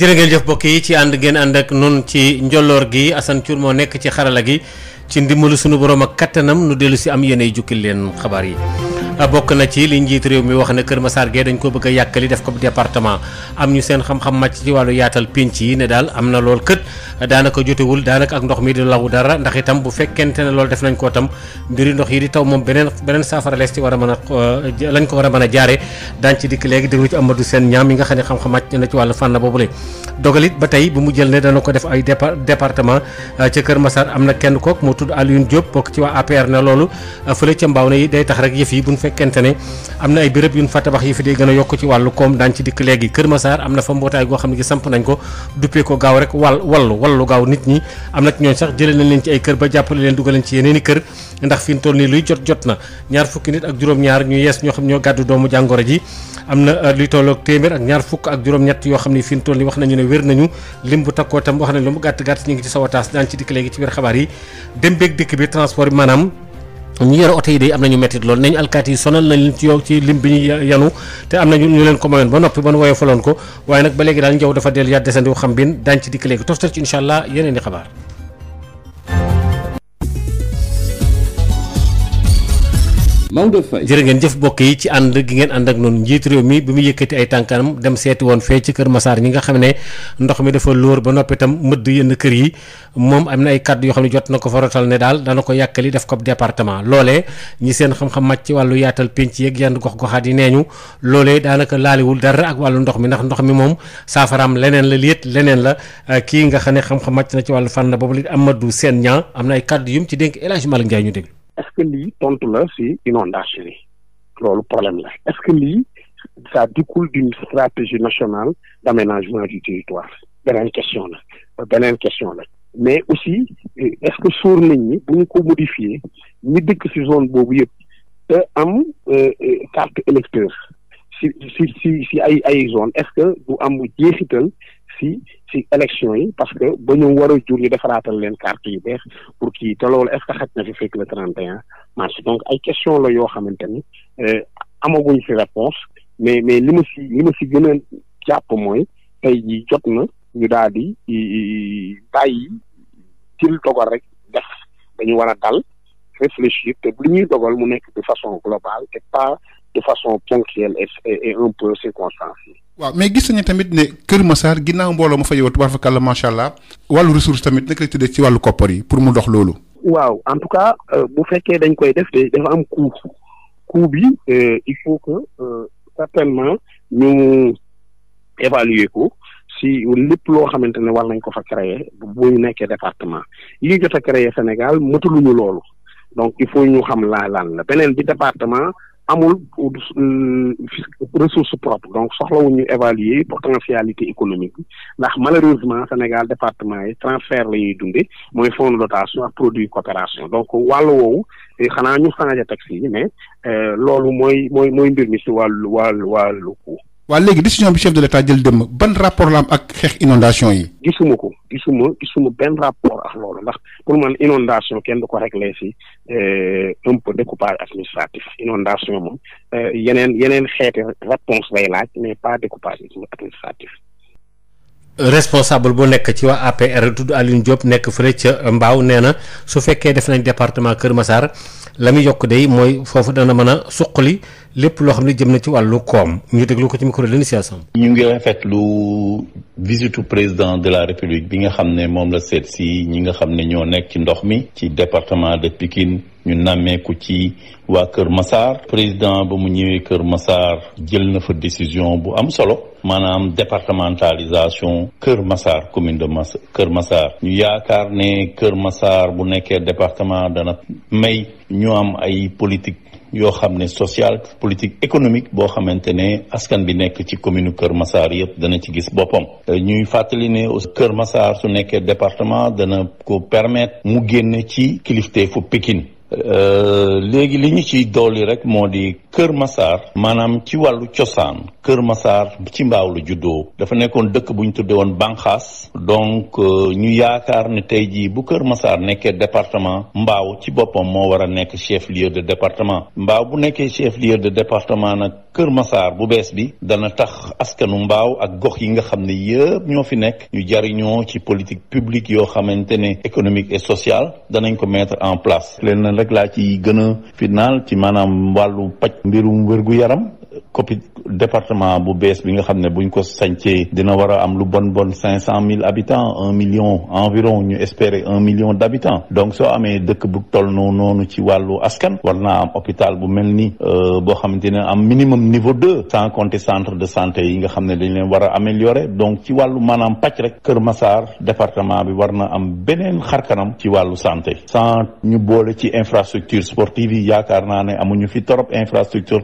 jërë jëf mbokk yi ci ànd ngeen ànd ak nun ci njolloor gi Assane Thiour moo nekk ci xarala gi ci ndimbalu sunu borom ak kattanam nu dellu si am yéenay jukkil leen xabaar yi. Ah, bokk na ci li njiit réew mi wax ne Kër Massar gee dañ ko bëgg yàkkali def ko département am ñu seen xam-xam màcc ci wàllu yaatal pénc yi ne daal am na lool kët daanaka jotewul daanaka ak ndox mi di law dara ndax bu fekkente ne loolu def nañ ko tam mbiri ndox yi di taw moom beneen beneen saafara lees ci war a mën a euh, lañ ko war mën jaare daan ci dikk léegi déglu ci Amadou seen ñaam yi nga xam ne xam-xam na ci wàllu fànn boobule dogalit ba tey bu mu jël ne dana ko def ay département euh, ca Kër Massar am na kenn kook moo tudd Alioune Diop bokk ci waa APR na loolu euh, fële ca mbaaw ne day tax rek yëf yi ñu fekkente ne am na ay béréb yuñ fa tabax yi fi day gën yokk ci wàllu koom daan ci dikk léegi Kër Massar am na fa mbootaay goo xam ne gi samp nañ ko duppee ko gaaw rek wàll wallu lu gaaw nit ñi am na ci ñooñ sax jëlee nañ leen ci ay kër ba jàppale leen dugal leen ci yeneen i kër ndax fi ñu toll nii luy jot jot na ñaar fukki nit ak juróom-ñaar ñu yees ñoo xam ñoo gàddu doomu jàngoro ji am na euh, luy tolloog téeméer ak ñaar fukk ak juróom-ñett yoo xam ne fi toll nii wax nañu ne wér nañu lim bu takkoo tam wax nañ lu mu gàtt gàtt ñu ngi ci sawataas daan ci dikk léegi ci biir xabaar yi dem beeg dikk bi transport bi ñu yore oto yi day am nañu mettit loolu nañu alkaati yi sonal nañ leen ci yow ci lim bi ñu yanu te am nañu ñu leen ko mayoon ba noppi ba nu woyofaloon ko waaye nag ba léegi daal njaw dafa dellu yaat desandi xam bin daañ ci dikk léegi toftal ci incha allah yeneen i xabaar Maodo Faye jërë ngeen jëf bokk yi ci ànd gi ngeen ànd ak noonu njiitu réew mi bi mu yëkkati ay tànkam dem seeti woon fee ci kër Masaar ñi nga xam ne ndox mi dafa lóor ba noppitam itam mëdd yenn kër yi moom am na ay kàddu yoo xam ne jot na ko fa rotal ne daal dana ko yàkkali def ko département loolee ñi seen xam-xam ci wàllu yaatal pénc yeeg yenn gox-goxaat yi nee ñu loolee daanaka laaliwul dara ak wàllu ndox mi ndax ndox mi moom saafaraam leneen la liet leneen la kii nga xam ne xam-xam màcc na ci wàllu fànn boobu li Amadou Sène Niang am na ay kàddu yum ci dénk El Hadj Malick Ndiaye ñu déglu est-ce que lii tontu la si inondation loolu problème la est-ce que lii ça découle d'une stratégie nationale d'aménagement du territoire beneen question la beneen question la mais aussi est-ce que sóor nañ ñi bu ñu ko modifier ñi dëkk ci zone boobu yëpp te am euh, carte électeur si si si ay ay zone est-ce que du am jeexital si si élection yi parce que ba ñu war a jur ñu defaraatal leen carte yu beex pour kii te loolu est-ce que xaj na fi fekk le 31 mars donc ay question la yoo xamante ni euh, amaguñ si réponse mais mais li ma si li ma si gën a jàpp mooy tey jot na ñu daal di bàyyi jël dogal rek def dañu war a dal réfléchir te bu ñuy dogal mu nekk de façon globale et pas de façon ponctuelle et un peu circonstanciée. waaw mais gis nañu tamit ne Kër Massar ginnaaw mbooloo ma fa yow tubaab fakal la macha allah wàllu ressource tamit naka la tuddee ci wàllu koppar yi pour mu dox loolu. waaw en tout cas euh, bu fekkee dañ koy def de dafa am coût coût bi euh, il faut que euh, certainement ñu évaluer ko si lépp loo xamante ne war nañ ko fa créer bu ñu nekkee département yi ñu jot a créer Sénégal mëtuluñu loolu donc il faut ñu xam laa lan la beneen amul euh, ressource propre donc soxlawuñu évaluer potentialité économique bi ndax malheureusement Sénégal département yi transfert la ñuy dunde mooy fonds de dotation ak produit coopération donc wàllu woowu eh, xanaa ñu changé taxe yi mais euh, loolu mooy mooy mooy mbir mi si wàllu wàllu wàllu ko waa léegi décision bi chef de l'état jël dem ban rapport la am ak xeex inondation yi. gisuma ko gisuma gisuma benn rapport ak loolu ndax pour man inondation kenn du ko réglé si euh, un peu découpage administratif inondation moom euh, yeneen yeneen xeeti réponse lay laaj mais pas découpage administratif. responsable bu nekk ci waa APR tudd Alioune Diop nekk fële ca Mbaaw nee na su fekkee def nañ département Kër Massar la muy yokk day mooy foofu dana mën a suqali lépp loo xam ne jëm na ci wàllu koom ñu déglu ko ci micro de l'initiation ñu ngi lu visitu président de la république bi nga xam ne moom la seet si ñi nga xam ne ñoo nekk ci ndox mi ci département de Pikine ñu nammeeku ci waa Kër Massar président ba mu ñëwee Kër Massar jël na fa décision bu am solo maanaam départementalisation Kër Massar commune de Mass Kër Massar ñu yaakaar ne Kër Massar bu nekkee département dana may ñu am ay politique yoo xam ne social politique économique boo xamante ne askan bi nekk ci commune Kër Massar yëpp dana ci gis boppam ñuy fàttali ne Kër Massar su nekkee département dana ko permettre mu génne ci kilifteefu Pikine Euh, léegi li ñu ciy dolli rek moo di Kër Massar maanaam ci wàllu cosaan Kër Massar ci mbaaw la juddoo dafa nekkoon dëkk bu ñu tudde woon banxaas donc euh, ñu yaakaar ne tey jii bu Kër Massar nekkee département mbaaw ci boppam moo war a nekk chef lieu de département mbaaw bu nekkee chef lieu de département nag Kër Massar bu bees bi dana tax askanu mbaaw ak gox yi nga xam ne yëpp ñoo fi nekk ñu jariñoo ci politique publique yoo xamante ne économique et sociale danañ ko mettre en place rek laa ci gën a final ci maanaam wàllu paj mbirum wér-gu-yaram COPEGA département bu bees bi nga xam ne buñ ko sancee dina war a am lu bon bon cinq cent mille habitants un million environ ñu espérer un million d' habitants donc soo amee dëkk bu toll noonu ci wàllu askan war naa am hôpital bu mel ni euh, boo xamante ne am minimum niveau deux sans compter centre de santé yi nga xam ne dañ leen war a améliorer donc ci wàllu maanaam pàcc rek Kër Massar département bi war na am beneen xarkanam ci wàllu santé sans ñu boole ci infrastructure sportive yi yaakaar naa ne amuñu fi torop infrastructure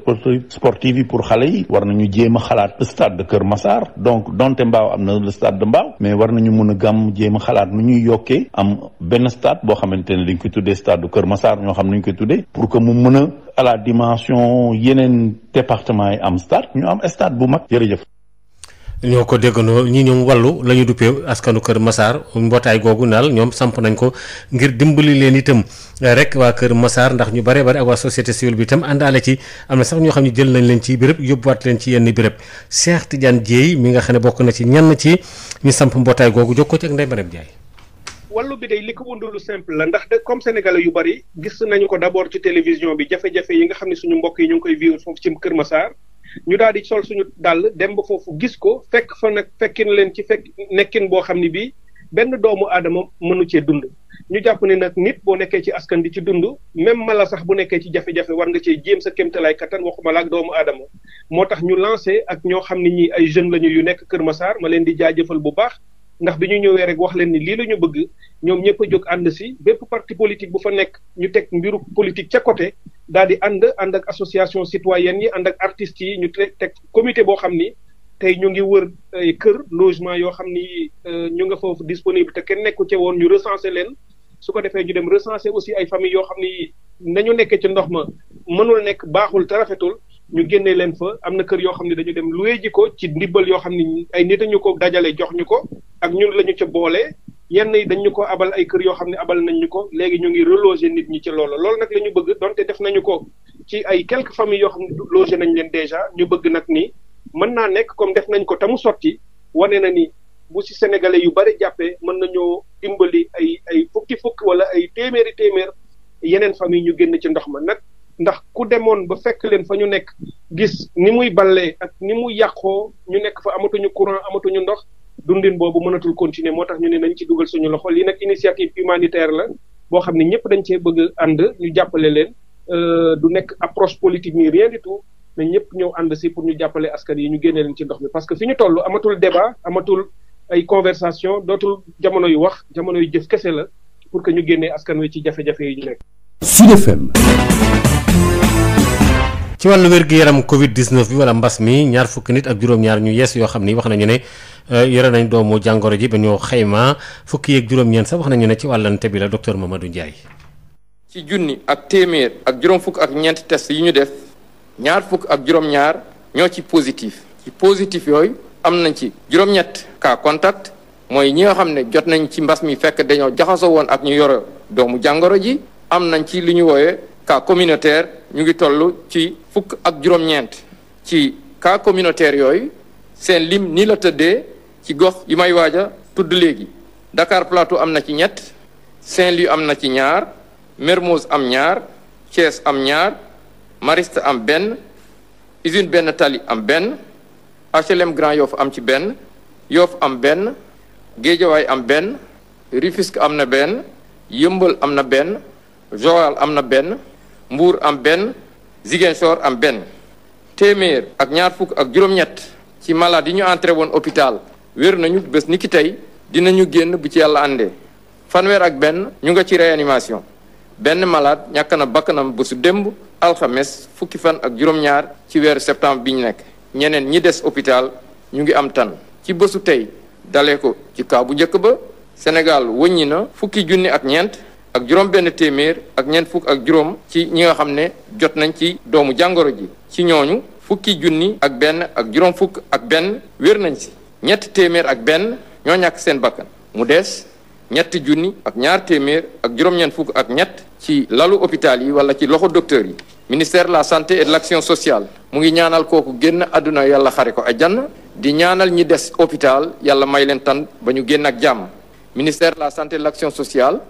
sportive suivi pour xale yi war nañu jéem a xalaat stade de Kër Massar donc donte Mbaaw am na le stade de Mbaaw mais war nañu mën a gàmm jéem a xalaat nu ñuy yokkee am benn stade boo xamante ne dañ koy tuddee stade du Kër masaar ñoo xam nañ koy tuddee pour que mu mën a à la dimension yeneen département yi am stade ñu am stade bu mag jërëjëf ñoo ko déggandoo ñi ñoom wàllu la ñu duppee askanu kër Massar mbootaay googu naal ñoom samp nañ ko ngir dimbali leen itam eh, rek waa kër Massar ndax ñu bare bare ak waa société civile bi itam àndaale ci am na sax ñoo xam ne jël nañ leen ci béréb yóbbuwaat leen ci yenn béréb Cheikh Tidiane Dieye mi nga xam ne bokk na ci ñenn ci ñu samp mbootaay googu jokkoo ci ak Ndeye Mariam Ndiaye wàllu bi day li ko wundu yu bari ko d'abord ci télévision bi jafe-jafe yi ne suñu mbokk yi ñu ngi koy vivre foofu ñu daal di sol suñu dàll dem ba foofu gis ko fekk fa nag fekkin leen ci fekk nekkin boo xam ne bii benn doomu aadama mënu cee dund. ñu jàpp ne nag nit boo nekkee ci askan di ci dund même mala sax bu nekkee ci jafe-jafe war nga cee jéem sa kéemtalaay kattan waxuma la ak doomu aadama moo tax ñu lancé ak ñoo xam ne ñi ay jeunes lañu yu nekk Kër Massar ma leen di jaajëfal bu baax. ndax bi ñu ñëwee rek wax leen ni lii la bëgg ñoom ñëpp a jóg ànd si bépp parti politique bu fa nekk ñu teg mbiru politique ca côté daal di ànd ànd ak association citoyenne yi ànd ak artistes yi ñu teg comité boo xam ni tey ñu ngi wër ay kër logement yoo xam ni euh, ñu ngi foofu disponible te kenn nekku ca woon ñu recenser leen su ko defee ñu dem recenser aussi ay familles yoo xam ni nañu nekkee ci ndox ma mënul nekk baaxul te rafetul ñu génnee leen fa am na kër yoo xam ne dañu dem loué ji ko ci ndibbal yoo xam ne ay nit ñu ko dajale jox ñu ko ak ñun la ñu ca boole yenn yi dañu ko abal ay kër yoo xam ne abal nañ ñu ko léegi ñu ngi reloger nit ñi ci loolu loolu nag la bëgg donte def nañu ko ci ay quelques famille yoo xam ne loger nañ leen déjà ñu bëgg nag nii mën naa nekk comme def nañ ko tamu sotti wane na ni bu si sénégalais yu bari jàppee mën nañoo dimbali ay ay fukki fukki wala ay téeméeri téeméer yeneen famille ñu génn ci ndox ma nag ndax ku demoon ba fekk leen fa ñu nekk gis ni muy ballee ak ni muy yàqoo ñu nekk fa amatuñu courant amatuñu ndox dundin boobu mënatul continuer moo tax ñu ne nañ ci dugal suñu loxo lii nag initiative humanitaire la boo xam ñëpp dañ cee bëgg ànd ñu jàppale leen euh, du nekk approche politique ni rien du tout na ñëpp ñëw ànd si pour ñu jàppale askan yi ñu génne leen ci ndox mi parce que fi ñu toll amatul débat amatul ay conversation dootul jamono yu wax jamono yu jëf kese la pour que ñu génnee askan wi ci jafe-jafe yi ñu nekk Sud ci wàllu wér-gu-yaram Covid 19 bi wala mbas mi ñaar fukki nit ak juróom-ñaar ñu yees yoo xam ni wax nañu ne euh, yore nañ doomu jàngoro ji ba ñoo xayma fukki yeeg juróom-ñeent sax wax nañu ne ci wàllante bi la docteur Mamadou Ndiaye. ci junni ak téeméer ak juróom fukk ak ñeent test yi ñu def ñaar fukk ak juróom-ñaar ñoo ci positif ci positif yooyu am na ci juróom-ñett cas mooy ñi nga xam ne jot nañ ci mbas mi fekk dañoo jaxasoo woon ak ñu yore doomu jàngoro ji. am nañ ci li ñu wooyee cas communautaire ñu ngi tollu ci fukk ak juróom-ñeent ci kaa communautaire yooyu seen lim ni la tëddee ci gox yi may waaj a tudd léegi Dakar Plateau am na ci ñett Saint-Louis am na ci ñaar Mermoz am ñaar Thiès am ñaar Mariste am benn Usine Benn Tali am benn HLM Grand Yoff am ci benn Yoff am benn Géejawaay am benn Rufisque am na benn Yëmbal am na benn Joal am na benn Mbour am benn Ziguinchor am benn téeméer ak ñaar fukk ak juróom-ñett ci malade yi ñu entré woon hôpital wér nañu bés ni ki tey dinañu génn bu ci yàlla àndee fanweer ak benn ñu nga ci réanimation benn malade ñàkk na bakkanam bésu démb alxames fukki fan ak juróom-ñaar ci weeru septembre bi ñu nekk ñeneen ñi des hôpital ñu ngi am tan ci bésu tey dalee ko ci kaw bu njëkk ba Sénégal wëññi na fukki junni ak ñeent ak juróom benn téeméer ak ñeent fukk ak juróom ci ñi nga xam ne jot nañ ci doomu jàngoro ji ci ñooñu fukki junni ak benn ak juróom fukk ak benn wér nañ si ñett téeméer ak benn ñoo ñàkk seen bakkan mu des ñett junni ak ñaar téeméer ak juróom-ñeent fukk ak ñett ci lalu hôpital yi wala ci loxo docteur yi ministère la santé et de l'action sociale mu ngi ñaanal kooku génn àdduna yàlla xare ko àjjana di ñaanal ñi des hôpital yàlla may leen tan ba ñu génn ak jàmm ministère la santé et sociale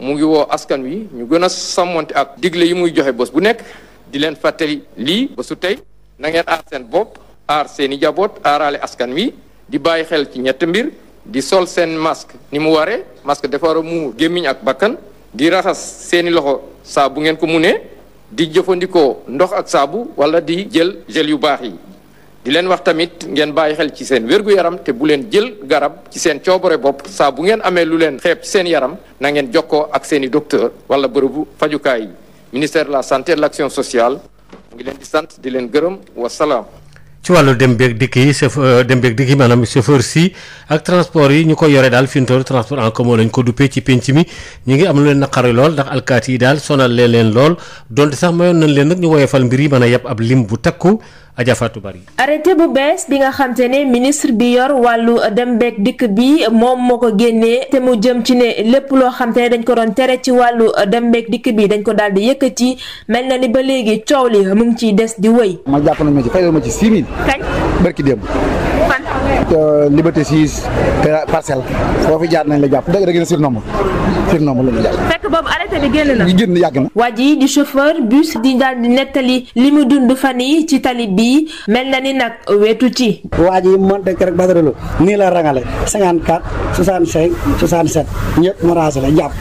mu ngi woo askan wi ñu gën a sàmmonte ak digle yi muy joxe bés bu nekk di leen fàttali lii ba su tey nangeen ngeen aar seen bopp aar seeni i jaboot aaraale askan wi di bàyyi xel ci ñett mbir di sol seen masque ni mu waree masque dafa war a muur gémmiñ ak bakkan di raxas seeni loxo saa bu ngeen ko munee di jëfandikoo ndox ak saabu wala di jël gel yu baax yi di leen wax tamit ngeen bàyyi xel ci seen wér-gu-yaram te bu leen jël garab ci seen coobare bopp saa bu ngeen amee lu leen xeeb seen yaram na ngeen jokkoo ak seen i docteur wala bërëbu fajukaay ministère de la santé de l'action sociale mu ngi leen di sant di leen gërëm wa salaam ci wàllu dem beeg dikk yi chef euh, dem beeg dikk yi maanaam chauffeur si ak transport yi ñu ko yore daal fi mu toll transport en commun lañ ko duppee ci penc mi ñu ngi am lu leen naqari lool ndax alkaati yi daal sonal leen lool donte sax mayoon nañ leen nag ñu woyofal mbir yi mën a yeb ab lim bu takku. Adja Fatou Bari arrêté bu bees bi nga xamte ne ministre bi yor wàllu dem beeg dikk bi moom moo ko génnee te mu jëm ci ne lépp loo xamte ne dañ ko doon tere ci wàllu dem beeg dikk bi dañ ko daal di yëkkati mel na ni ba léegi coow li mu ngi ciy des di wëy. ma jàpp nañ ma ci fay ma kañ. barki démb. fan. Euh, Liberté 6 parcelle boo jaar nañ la jàpp dëgg dëgg na surnombre surnombre la ñu jàpp. fekk boobu arrêté bi génn na. génn yàgg waa ji di chauffeur bus di daal di nettali li mu dund fan nii ci tali bii mel na ni nag wetu ci. waa ji monté kër Badara nii la rangale 54 65 67 ñëpp mu raasale jàpp.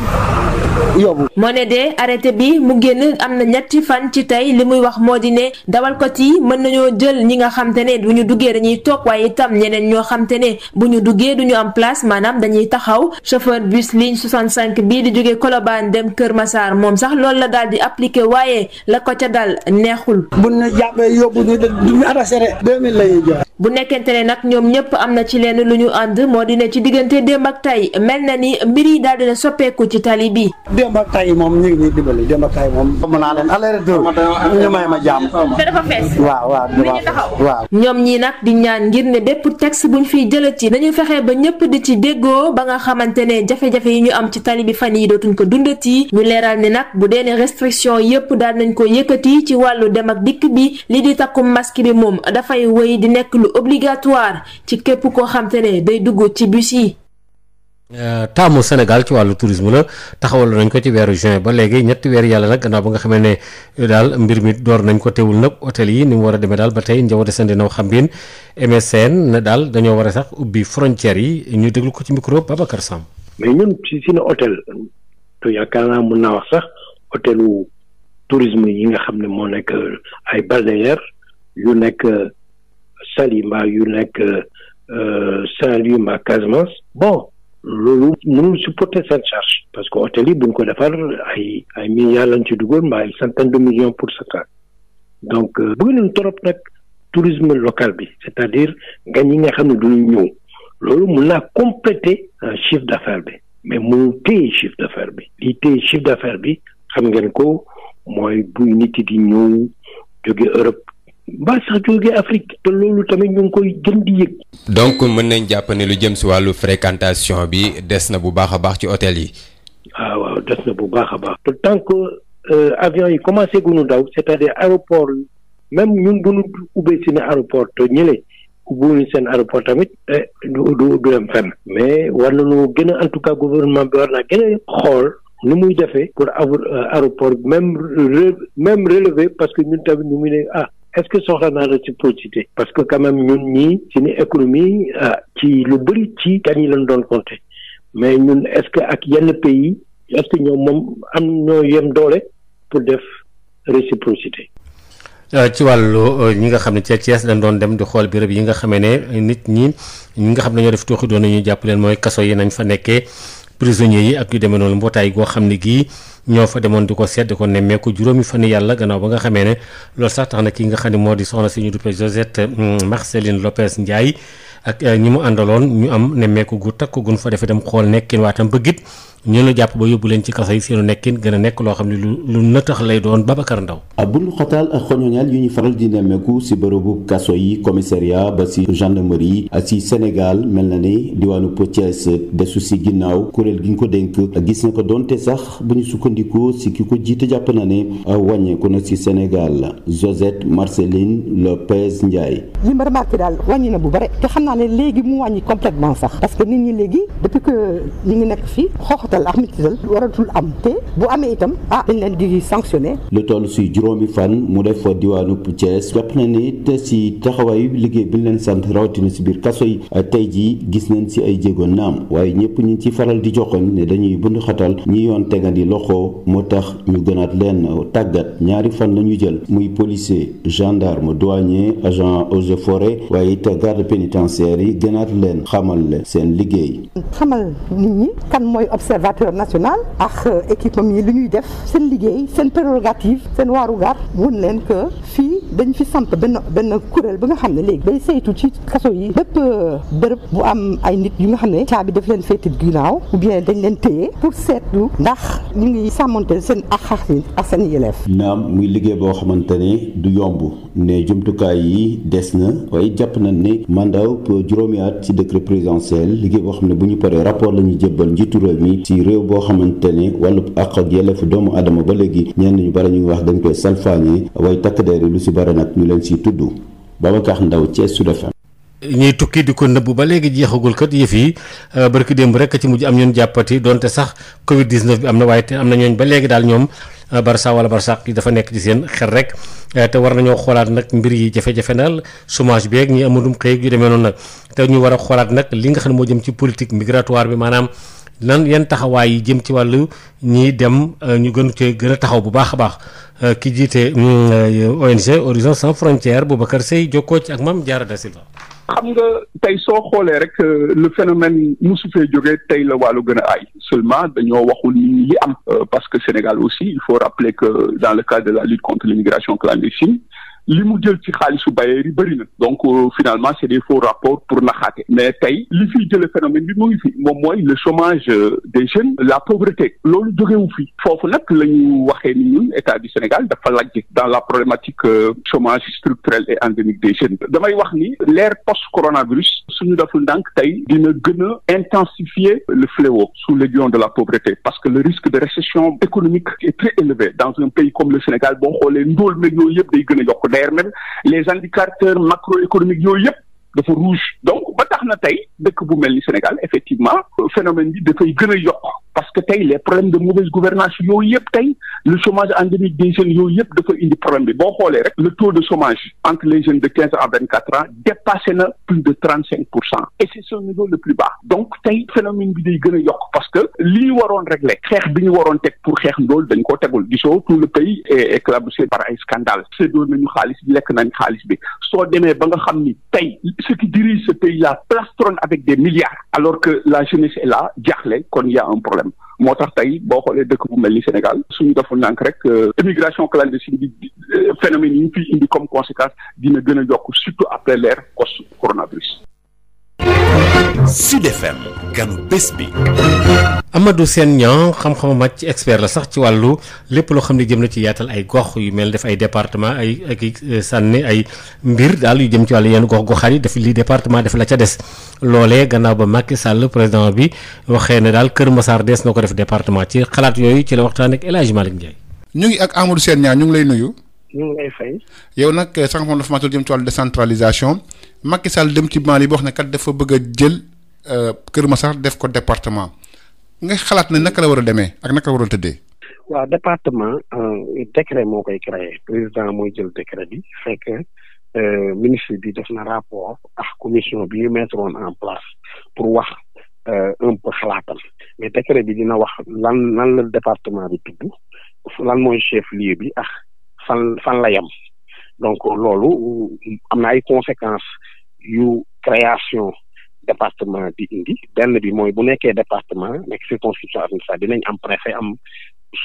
yóbbu. moo ne de arrêté bi mu génn am na ñetti fan ci tey li muy wax moo di ne dawalkat yi mën nañoo jël ñi nga xam ne bu ñu duggee dañuy toog waaye itam ñeneen ñoo xam te ne bu ñu duggee du ñu am place maanaam dañuy taxaw chauffeur bus ligne 65 bii di jóge Colobane dem Kër masaar moom sax loolu la daal di appliqué waaye la ko ca dal neexul. bu ñu jàppee yóbbu ñu arrêté 2000 la ñuy joxe bu nekkente ne nag ñoom ñëpp am na ci leen lu ñu ànd moo dina ci diggante démb ak tay mel na ni mbir yi daal dina soppeeku ci tali bi. démb ak tay moom ñu ngi ñuy dimbali démb moom. mën naa leen aller retour ñu may ma jàmm. te dafa waaw waaw waaw. ñoom ñii nag di ñaan ngir ne bépp texte buñ fiy jëlati nañu fexe ba ñëpp di ci déggoo ba nga xamante ne jafe-jafe yi ñu am ci tali bi fan yi dootuñ ko dundati ñu leeral ni nag bu dee ne restriction yëpp daal nañ ko yëkkati ci wàllu dem ak dikk bi li di takku masque bi moom dafay wéy di nekk lu obligatoire képp koo xam te ne day dugg ci bus yi. Euh, taamu senegal ci wàllu tourisme la taxawal nañ ko ci weeru juin ba léegi ñetti weer yàlla nag gannaaw ba nga xamee ne euh, daal mbir mi door nañ ko teewul nag hôtel yi ni mu war a demee daal ba tey njaw desandi naw xam biin MSN na daal dañoo war a sax ubbi frontières yi ñu déglu ko ci micro Babacar Sam mais ñun ci suñu hôtel te yaakaar naa mën naa wax sax hôtelu tourisme yi nga xam ne moo nekk euh, ay balnéaire yu nekk Salima yu nekk euh, euh, Saint-Louis ma Casamance bon loolu mënul supporter seen charge parce que hôtel yi buñ ko defar ay ay milliards lañ ci dugal mbaa ay centaine de millions pour ce cas donc euh, bëgg nañ trop nag tourisme local bi c'est-à-dire gan yi nga xam ne duñu ñëw loolu mun naa compléter chiffre d'affaires bi mais mu téye chiffre d'affaires bi lii téye chiffre d'affaires bi xam ngeen ko mooy buy nit yi di ñëw Europe mbaa sax jógee Afrique te loolu tamit ñu ngi koy gën di yëg. donc mën nañ jàpp lu jëm si wàllu fréquentation bi des na bu baax a baax ci hôtel yi. Ah, waaw des na bu baax a baax. te tant que euh, avion yi commencé gunu daw c'est-à-dire aéroport même ñun bu ñu ubbee seen aéroport te ñële ubbiwuñu seen aéroport tamit. Eh, du du du dem fenn. mais war nañu gën a en tout cas gouvernement bi war naa gën a xool. ni muy defee pour avoir euh, aéroport même même relevé parce que ñun tamit ñu ngi ne ah est-ce que soxla naa réciprocité parce que quand même ñun ñii suñu économie ah, ci lu bëri ci gan ñi lañ doon compter mais ñun est-ce que ak yenn pays est-ce que ñoom moom am ñoo yem doole pour def réciprocité. Euh, ci wàllu euh, ñi nga xam ne ca Thiès dañ doon dem di xool béréb yi nga xamee ne nit ñi ñi nga xam ne ñoo def tuuxi doon nañu jàpp leen mooy kaso yi nañ fa nekkee prisonniers yi ak yu demee noonu mbootaay goo xam ne gii. ñoo fa demoon di ko seet di ko nemmeeku juróomi fan yàlla gannaaw ba nga xamee ne loolu sax tax na ki nga xam ne moo di soxna si ñu duppee Josette hmm, Marceline Lopez Ndiaye ak eh, ñi mu àndaloon ñu am nemmeeku gu takk gun fa defe dem xool nekkin waa tam bëggit ñu nu jàpp ba yóbbu leen ci kaso yi seenu nekkin gën a nekk loo xam ne lu lu nëtax lay doon Babacar Ndaw bundu xataal ak xoñoñal yu ñu faral di nemmeeku si bërëbu kaso yi commissariat ba si gendarmerie ak si Sénégal mel na ni diwaanu Thiès desu si ginnaaw kuréel gi ñu ko dénk gis na ko donte sax bu ñu sukkandikoo si ki ko jiite jàpp na ne wàññeeku na ci Sénégal Josette Marceline Lopez li ma remarqué daal wàññi naa ne léegi mu wàññi complètement sax parce que nit ñi léegi depuis que ñu ngi nekk fii xooxatal ak mitital waratul am te bu amee itam ah dañ leen di sanctionné. lu toll si juróomi fan mu def fa diwaanu Thiès jàpp na ni te si taxawaayu liggéey bi leen sant rawatina si biir kaso yi tey jii gis nañ si ay jéego naam waaye ñëpp ñu ci faral di joxoon ne dañuy bund xatal ñi yoon di loxo moo tax ñu gënaat leen tàggat ñaari fan la jël muy policier gendarme douanier agent eaux et ministère yi gënaat leen xamal leen seen liggéey. xamal nit ñi kan mooy observateur national ak euh, équipe am yi lu ñuy def seen liggéey seen prérogative seen waaru gaar won leen que fii dañ fi samp benn benn kuréel bi nga xam ne léegi day saytu ci kaso yi bépp euh, bërëb bu am ay nit yu nga xam ne caabi daf leen féete ginnaaw ou bien dañ leen téye pour seetlu ndax ñu ngi sàmmanteel seen axax yi ak seen yelleef. naam muy liggéey boo xamante du yomb ne jumtukaay yi des na waaye ba juróomi at ci décret présidentiel liggéey boo xam ne bu ñu paree rapport la jébbal njiitu réew mi ci réew boo xamante ne wàllu àq ak yelleefu doomu aadama ba léegi ñenn ñu bari ñu wax dañ koy salfaañe way takk der yi lu si bari nag ñu leen siy tudd Babacar Ndaw Thiès Sud ñuy tukki di ko nëbb ba léegi jeexagul kat yëf yi euh, barki démb rek ci mujj am ñoon jàppati donte sax Covid 19 bi am na waaye te am na ñooñ ba léegi daal ñoom barsa wala barsaq yi dafa nekk ci seen xel rek eh, te war nañoo xoolaat nag mbir yi jafe-jafe naal chômage beeg ñi amadum xëy yu demee noonu nag te ñu war a xoolaat nag li nga xam ne moo jëm ci politique migratoire bi maanaam nan yan taxawaay yi jëm ci wàllu ñiy dem eh, ñu gën cee gën a taxaw bu baax a baax eh, ki jiite mm, ONG Horizon Sans Frontières Boubacar Seye jokkoo ci ak Mame Diarra Da Silva xam nga tey soo xoolee rek euh, le phénomène musu fee jógee tey la wàllu gën a aay seulement dañoo waxul nit ñi li am euh, parce que Sénégal aussi il faut rappeler que dans le cadre de la lutte contre l'immigration clandestine li mu jël ci xaalisu bailleurs yi bëri na donc euh, finalement c'est des faux rapports pour naxaate mais tey li fiy jële phénomène bi mu fi moom mooy le chômage euh, des jeunes la pauvreté loolu jógewu fi foofu nag la ñu waxee ni ñun état du Sénégal dafa lajj dans la problématique euh, chômage structurel et endémique des jeunes damay wax ni l'ère post coronavirus suñu deful ndànk tey dina gën a intensifier le fléau sous l'aiguillon de la pauvreté parce que le risque boo xoolee yëpp day gën d'ailleurs même les indicateurs macroéconomiques yooyu yëpp dafa rouge donc ba tax na tey dëkk bu mel ni Sénégal effectivement phénomène bi dafay gën a yokk parce que tey les problèmes de mauvaise gouvernance yooyu yëpp tey le chômage endémique des jeunes yooyu yëpp dafa indi problème bi boo xoolee rek le taux de chômage entre les jeunes de quinze à vingt quatre ans dépassé na plus de trente cinq pour cent et c'est son niveau le plus bas donc tey phénomène bi day gën yokk parce que li ñu waroon régler xeex bi ñu waroon teg pour xeex ndool dañ koo tegul gisoo tout le pays est éclaboussé par ay scandale séddoo nañu xaalis bi lekk nañ xaalis bi soo demee ba nga xam ni tey ce qui dirige ce pays là alors que la jeunesse est là kon y a problème moo tax tey boo xoolee dëkk bu mel ni Sénégal suñu deful nànk rek émigration euh, clandestine bi euh, phénomène yi ñu fi indi comme conséquence dina gën a yokk surtout après l'ère post coronavirus Sud FM ganu bés bi. Amadou Sène Niang xam-xamu ci expert la sax ci wàllu lépp loo xam ne jëm na ci yaatal ay gox yu mel def ay département ay ak euh, sànni ay mbir daal yu jëm ci wàllu yenn gox goxaan yi def li département def la ca des loolee gannaaw ba Macky sàll président bi waxee ne daal Kër Massar des na ko def département ci xalaat yooyu ci la waxtaan ak El Hadj Malick Ndiaye. ñu ngi ak Amadou Sène Niang ñu ngi lay nuyu. ñu ngi lay fay. yow nag euh, sànq moom Macky Sall dem ci Mali bi wax ne dafa bëgg a jël euh, Kër ma sax def ko département nga xalaat ne naka la war a demee ak naka la war a tëddee. waaw département euh, décret moo koy créé président mooy jël décret bi fekk euh, ministre bi def na rapport ak commission bi ñu mettre en place pour wax un peu xalaatam mais décret bi dina wax lan lan la département bi tudd lan mooy chef lieu bi ak fan fan la yem donc loolu am na ay conséquences. yu création département di indi benn bi mooy bu nekkee département nekk circonscription administrative dinañ am préfet am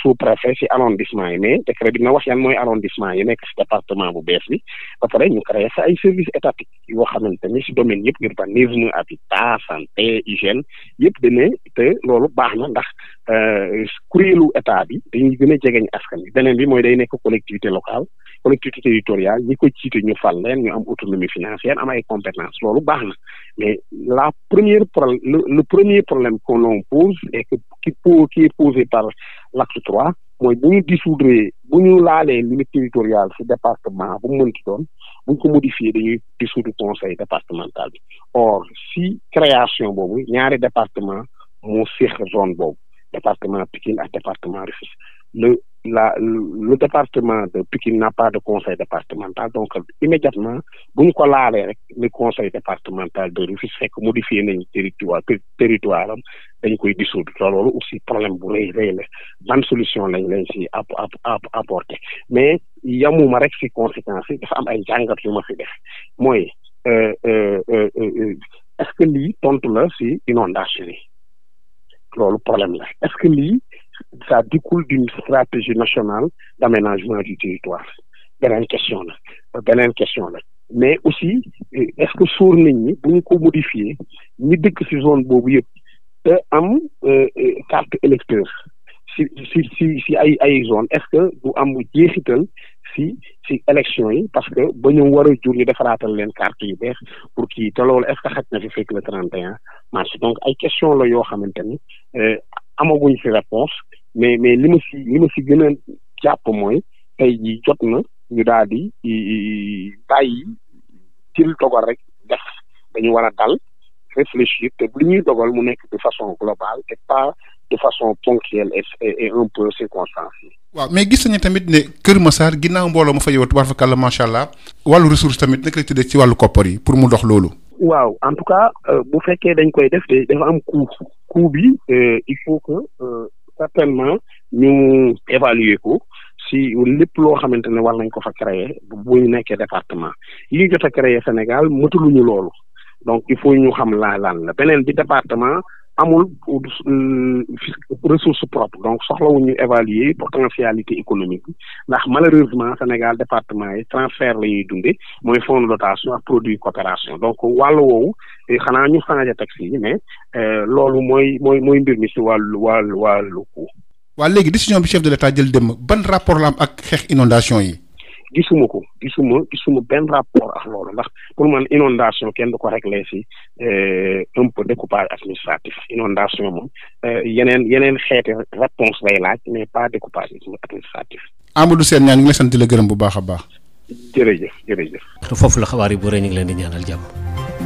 sous préfet si arrondissement yi mais décret bi dina wax yan mooy arrondissement yi nekk si département bu bees bi ba pare ñu créé sa ay service étatique yoo xamante ni si domaine yëpp urbanisme habitat santé hygiène yëpp dana te loolu baax na ndax euh, kuréelu état bi dañuy gën a jegeñ askan bi beneen bi mooy day nekk collectivité locale collectivité territoriale ñi ko ñu fal leen ñu am autonomie financière am ay compétence loolu baax na Mais la première, le, le premier problème qu'on en pose et que, qui, qui est posé par l'acte 3 mooy bu ñu dissoudre bu ñu laalee limite territoriale si département bu mu mënti doon bu ñu ko modifier dañuy dissoudre conseil départemental or si création boobu ñaari département moo séq zone boobu département Pikine ak département Rufisque le la le département de Pikine n'a pas de conseil départemental donc immédiatement bu ko laalee rek le conseil départemental de fi fekk modifié nañu territoire territoire am dañ koy dissoudre loolu aussi problème bu rëy rëy la ban solution lañ lañ si apporter mais yamuma rek si conséquences yi dafa am ay jàngat yu ma fi def mooy euh, euh, euh, est-ce que lii tontu la si inondation yi loolu problème la est-ce que lii ça découle d'une stratégie nationale d'aménagement du territoire beneen question la beneen question la mais aussi est-ce que suur nit ñi bu ñu ko modifier ñi dëkk ci zone boobu yëpp te am euh, euh, carte électeur si si si si ay ay zone est-ce que du am jeexital si si élection yi parce que ba ñu war a jur ñu defaraatal leen carte yu beex pour kii te loolu est-ce que xaj na fi fekk le 31 mars donc ay question la yoo xamante euh, amaguñ si réponse mais mais li ma si li ma si gën a jàpp mooy tey ji jot na ñu daal di bàyyi lu dogal rek def dañu war a dal réfléchir te li ñuy dogal mu nekk de façon globale et pas de façon ponctuelle et et un peu circonstanciée. waaw mais gis nañu tamit ne Kër Massar ginnaaw mbooloo ma fa yow tubaar fa kàlla macha allah wàllu ressource tamit naka la tuddee ci wàllu koppar yi pour mu dox loolu. waaw en tout cas euh, bu fekkee dañ koy def de dafa am coût coût bi euh, il faut que euh, certainement ñu évaluer ko si lépp loo xamante ne war nañ ko fa créer bu ñu nekkee département yi ñu jot a créer Sénégal mëtuluñu loolu donc il faut ñu xam laa laan la beneen bi département amul euh, ressource propre donc soxlawuñu évaluer potentialité économique bi ndax malheureusement Sénégal département yi transfert la ñuy dunde mooy fonds de dotation ak produit coopération donc wàllu woowu eh, xanaa ñu changé taxi yi mais euh, loolu mooy mooy mooy mbir mi si wàll wàllu wàllu ko waa léegi décision bi chef de l'état jël dem ban rapport la am ak xeex inondation yi gisuma ko gisuma gisuma benn rapport ak loolu ndax pour man inondation kenn du ko régler si euh, un peu découpage administratif inondation moom euh, yeneen yeneen xeeti réponse lay laaj mais pas découpage administratif. Amadou Sène Niang ñu ngi lay sant la gërëm bu baax a baax. jërëjëf jërëjëf. foofu la xabaar yi bu rëy ñu ngi leen di ñaanal jàmm.